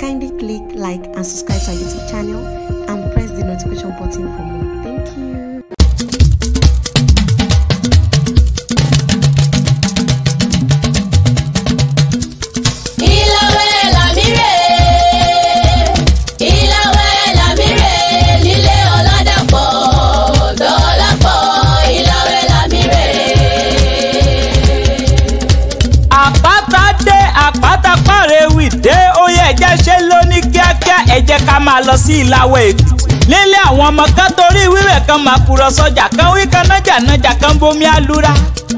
Kindly click like and subscribe to our YouTube channel and press the notification button for more. Thank you. ẹ jẹ́ ká máa lọ sí ìlàwọ̀ èkìtì nílé àwọn ọmọ kan torí wíwẹ̀ kan máa kúrọ̀ sọjà kan wí nájà nájà kan bomi alura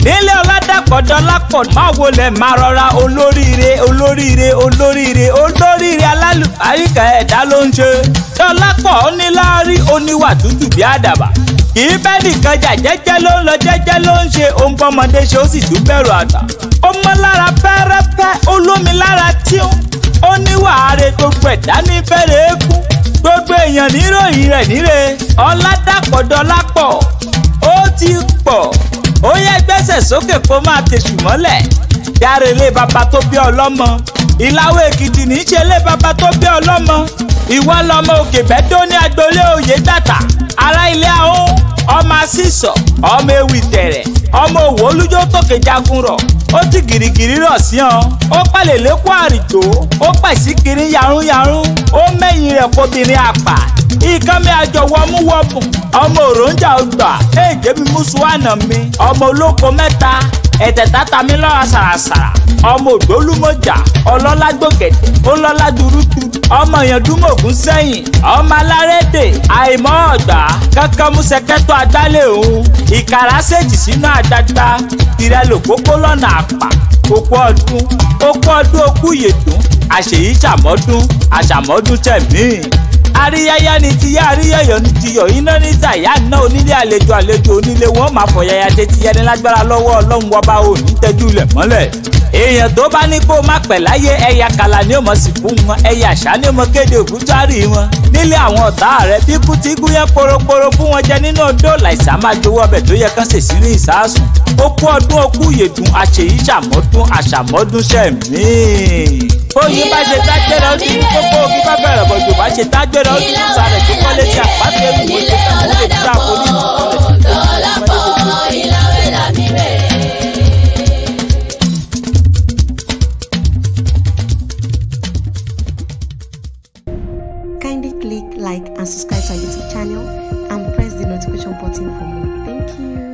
nílé ọládàpọ̀dọ̀ lápọ̀ máa wọlé máa rọra olóríire olóríire olóríire olóríire alálùfáríkà ẹ̀dá ló ń ṣe tọ́lápọ̀ oníláárí oníwà tútù bí àdàbà kì í bẹ́ẹ̀ nìkan jà jẹ́jẹ́ ló ń lọ jẹ́jẹ́ ló ń ṣe ohun bọ́mọdé ṣe ó sì tún àgbà ó mọ́ lára pẹ́rẹ́pẹ́ olómi lára tíún ó ní wàhálà gbogbo ẹ̀dá ní fẹ́rẹ̀ eégún gbogbo èèyàn níròyìn rẹ̀ níre ọ̀làdàpọ̀dọ́lápọ̀ ó ti pọ̀ ó yẹ gbẹ́sẹ̀ sókè kó máa tẹ̀sù mọ́lẹ̀ yára ilé bàbá tó bí ọlọ́mọ ìlàwó èkìtì ní í ṣe ilé bàbá tó bí ọlọ́mọ ìwọ lọmọ òkè bẹ́tọ́ ní agboolé òye dàtà ará ilé ahó ọmọ asísọ ọmọ ewì tẹ̀rẹ̀ ọmọ òwò olújó tókè jagun rọ̀ ó ti gìrìgìrì rọ̀ sí ọ. ó palẹ̀ lẹ́kọ́ àrìjò ó pẹ̀sí kiri yarúnyarún ó mẹ́yìn rẹ̀ kóbìnrin àpà. ìkànnì àjọwọ́ mú wọ́pùn ọmọ òròǹjà ọgbà èjè mi mú suwánà mi ọmọ olóko mẹ́ta ẹ̀tẹ̀ tata mi lọ́ra sàràsàrà ọmọ ògbólúmọ̀jà ọlọ́lá gbòkèdè ọlọ́lá dúrúdúrú ọmọ yẹn dúmọ̀gún sẹ́yìn ọmọ alárédè àìmọ́ ọ̀gbà kankan mú sẹ́kẹ́tọ̀ agbálẹ̀ òun ìkàrà ṣèjì sínú àgbàgbà tirẹ̀ lòpópó lọ́nà àpà òpó ọdún òpó ọdún òkú yèdùn àṣèyí ṣàmọ́dún àṣàmọ́dún tẹ̀mí àríyáyá ni ti yá àríyáyọ ni ti yọ iná ní tàyà ná onílé àlejò àlejò onílé wọn máa fọ yàyà tètè yẹni lágbára lọ́wọ́ Ọlọ́run wọba òní tẹjú ilẹ̀ mọ́lẹ̀ èèyàn tó bá ní kó má pẹ̀ láyé ẹ̀yà kàlà ni ó mọ̀ sí fún wọn ẹ̀yà àṣà ni ó mọ̀ kéde òkútárì wọn nílé àwọn ọ̀tá rẹ̀ bí kú ti gún yẹn poroporo fún wọn jẹ nínú odó làìsàn máa jowó ọbẹ̀ tó yẹ kán sèṣì ní ìsásùn ó kú ọdún okú yèdùn àṣèyí ṣàmọ́dún àṣàmọ́dún ṣẹ̀mí. bóyá bá ṣe tágbéra ó ti kókó bí bá bẹ̀rẹ̀ bọ̀jọ̀ bá ṣe tágbéra ó ti tún sàrẹ̀ kíkọ́lé ti like and subscribe to our YouTube channel and press the notification button for more. Thank you.